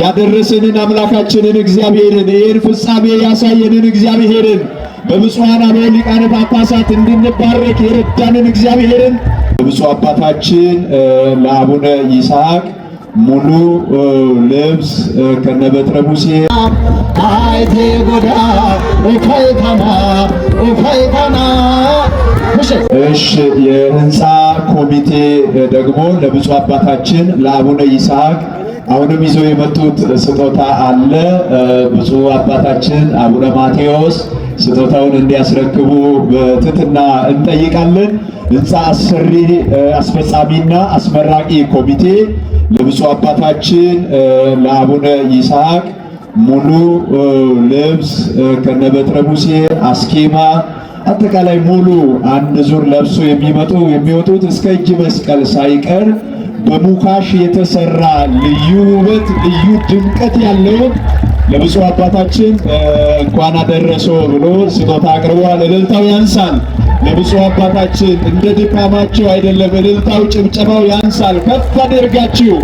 ያደረሰንን አምላካችንን እግዚአብሔርን ይህን ፍጻሜ ያሳየንን እግዚአብሔርን በብፁዓን አበው ሊቃነ ጳጳሳት እንድንባረክ የረዳንን እግዚአብሔርን ብፁዕ አባታችን ለአቡነ ይስሐቅ ሙሉ ልብስ ከነበጥረ ሙሴ አይቴ ጎዳ ኡፋይታና ኡፋይታና እሽ የህንፃ ኮሚቴ ደግሞ ለብፁዕ አባታችን ለአቡነ ይስሐቅ አሁንም ይዘው የመጡት ስጦታ አለ። ብፁዕ አባታችን አቡነ ማቴዎስ ስጦታውን እንዲያስረክቡ በትህትና እንጠይቃለን። ህንፃ አሰሪ አስፈጻሚና አስመራቂ ኮሚቴ ለብፁዕ አባታችን ለአቡነ ይስሐቅ ሙሉ ልብስ ከነበትረ ሙሴ አስኬማ አጠቃላይ ሙሉ አንድ ዙር ለብሶ የሚመጡ የሚወጡት እስከ እጅ መስቀል ሳይቀር በሙካሽ የተሰራ ልዩ ውበት ልዩ ድምቀት ያለው ለብፁዕ አባታችን እንኳን አደረሶ ብሎ ስጦታ አቅርቧል። እልልታው ያንሳል። ለብፁዕ አባታችን እንደ ድካማቸው አይደለም እልልታው፣ ጭብጨባው ያንሳል። ከፍ አድርጋችሁ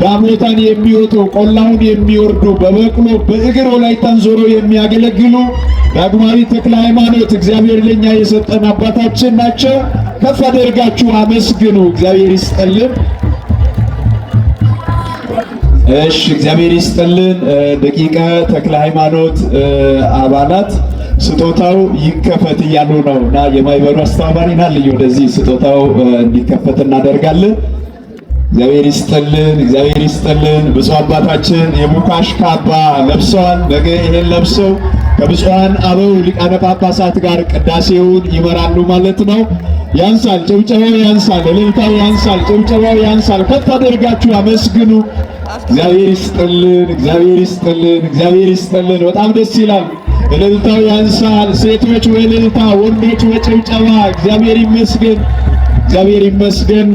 ዳሞታን የሚወጡ ቆላውን የሚወርዱ በበቅሎ በእግር ላይ ተንዞሮ የሚያገለግሉ ዳግማዊ ተክለ ሃይማኖት እግዚአብሔር ለኛ የሰጠን አባታችን ናቸው። ከፍ አደርጋችሁ አመስግኑ። እግዚአብሔር ይስጠልን። እሺ እግዚአብሔር ይስጥልን። ደቂቀ ተክለ ሃይማኖት አባላት ስጦታው ይከፈት እያሉ ነው እና የማይበሩ አስተባባሪ ና ልዩ ወደዚህ ስጦታው እንዲከፈት እናደርጋለን። እግዚአብሔር ይስጥልን፣ እግዚአብሔር ይስጥልን። ብፁዕ አባታችን የሙካሽ ካባ ለብሰዋል። ነገ ይሄን ለብሰው ከብፁዓን አበው ሊቃነ ጳጳሳት ጋር ቅዳሴውን ይመራሉ ማለት ነው። ያንሳል፣ ጭብጨባው ያንሳል፣ እልልታው ያንሳል፣ ጭብጨባው ያንሳል። ከፍ አድርጋችሁ አመስግኑ። እግዚአብሔር ይስጥልን፣ እግዚአብሔር ይስጥልን፣ እግዚአብሔር ይስጥልን። በጣም ደስ ይላል። እልልታው ያንሳል። ሴቶች በእልልታ ወንዶች በጭብጨባ እግዚአብሔር ይመስገን፣ እግዚአብሔር ይመስገን።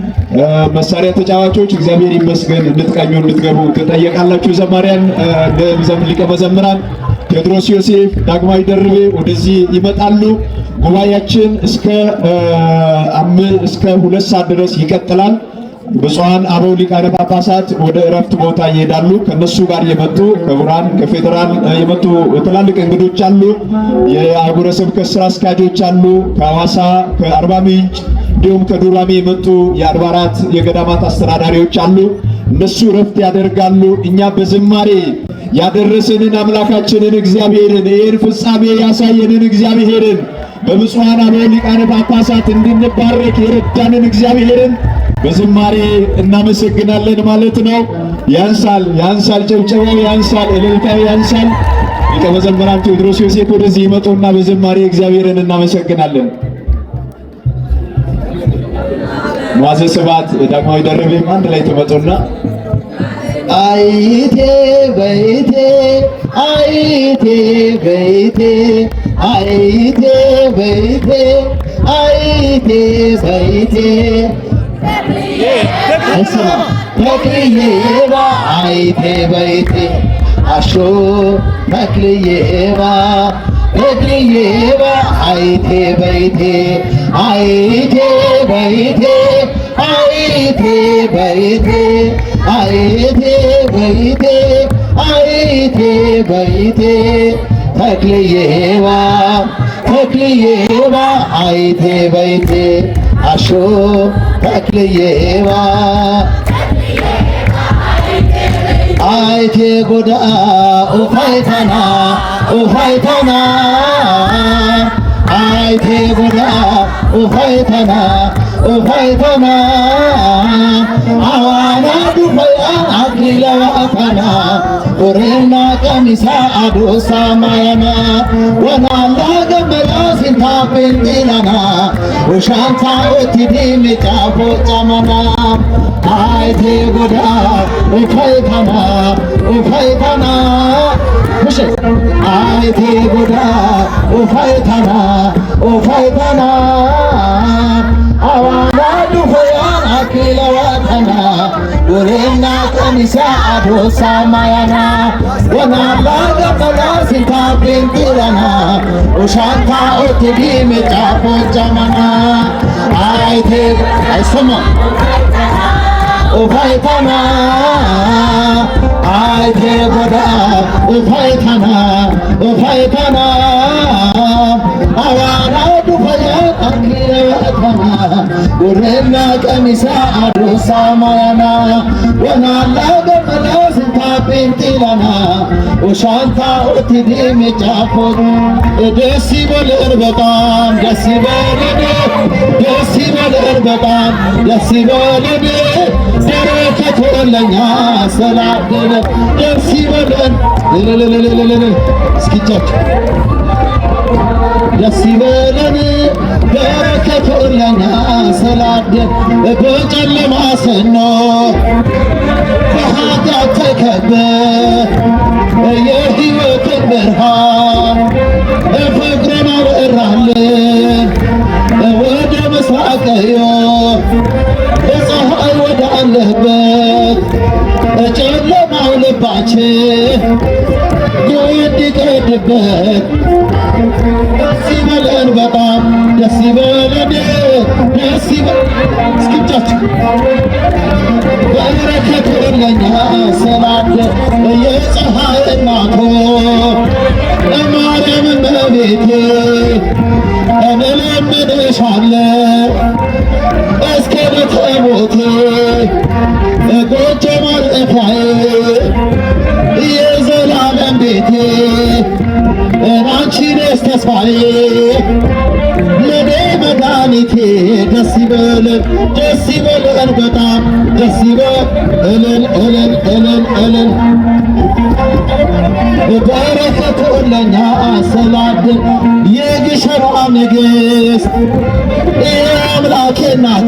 መሳሪያ ተጫዋቾች እግዚአብሔር ይመስገን። እንድትቀኙ እንድትገቡ ትጠየቃላችሁ። ዘማሪያን ሊቀ መዘምራን ቴዎድሮስ ዮሴፍ፣ ዳግማዊ ደርቤ ወደዚህ ይመጣሉ። ጉባኤያችን እስከ እስከ ሁለት ሰዓት ድረስ ይቀጥላል። ብፁዓን አበው ሊቃነ ጳጳሳት ወደ እረፍት ቦታ ይሄዳሉ። ከነሱ ጋር የመጡ ከቡራን ከፌዴራል የመጡ ትላልቅ እንግዶች አሉ። የአህጉረ ስብከት ስራ አስኪያጆች አሉ። ከሐዋሳ ከአርባ ምንጭ እንዲሁም ከዱራሜ የመጡ የአድባራት የገዳማት አስተዳዳሪዎች አሉ። እነሱ እረፍት ያደርጋሉ። እኛ በዝማሬ ያደረሰንን አምላካችንን እግዚአብሔርን ይህን ፍጻሜ ያሳየንን እግዚአብሔርን በብፁዓን አበው ሊቃነ ጳጳሳት እንድንባረክ የረዳንን እግዚአብሔርን በዝማሬ እናመሰግናለን ማለት ነው። ያንሳል ያንሳል፣ ያንሳል፣ እልልታው ያንሳል። ሊቀ መዘምራን ቴዎድሮስ ዮሴፍ ወደዚህ ይመጡና በዝማሬ እግዚአብሔርን እናመሰግናለን። ሟዘ ስብሐት ዳግማዊ ደርቤም አንድ ላይ ትመጡና አይቴ በይቴ አይቴ በይቴ አይቴ Baby, I did, I did. Takliye va ayte bayte asho takliye va takliye va ayte bayte ayte bayte ayte bayte ayte bayte ayte bayte takliye va থাকলে এরা আইতে বাইতে আসো থাকলে এরা আইতে গোডা ও ফাইতানা ও ফাইতানা আইতে গোডা ও ফাইতানা ও ফাইতানা আওয়ানা দুফায়া আগলিলা আফানা ওরে না কামিসা আদো সামায়ানা ওয়ানা লাগ penzi lana Ushanta utidi me jabo jamana Ai the goda ukhai khana ukhai khana Khushe Ai the goda ukhai khana ukhai khana ቡሳማያና ወናባ ገበላ ሲንታ ቤንቲረና ኡሻንታ ኦቲቢ ምጫፎ ጀመና አይቴ አይሰማ ኡፋይታና አይቴ ጎዳ ኡፋይታና ኡፋይታና አዋራ ኪረበና ጉሬና ቀሚሳ አዱሳ ማያና ወናላ ገመላ ስንታ ጴንጢላና ኡሻንታ ኦቲዲ ሜጫፎት ደስ ይበልር በጣም ደስ ይበልድ ደስ ይበልር በጣም ደስ ይበልድ ደረከቶለኛ ሰላደለ ደስ ይበልን እስኪቻቸው በጨለማ ሰኖ በኃጢአት ተከበህ የሕይወትን ብርሃን ፍቅርን አበራህልን ወደ ምስራቅ ፀሐይ ወደ አለህበት ጨለማው ልባችን ይቀድበት ደስ ይበለን፣ በጣም ደስ ይበለን፣ ደስ ይበለን። እስክጫችሁ በረከት ለኛ ሰላት የፀሐይ እናቶ ለማርያም እመቤቴ እንለምንሻለን እስከ ዕለተ ሞቴ የኔስ ተስፋዬ ለኔ መድኃኒቴ ደስ ይበለን ደስ ይበለን በጣም ደስ ይበል እልል እልል እልል እልል በበረከቱ ለኛ አሰላድን የግሸኗ ንግሥት የአምላኬ እናት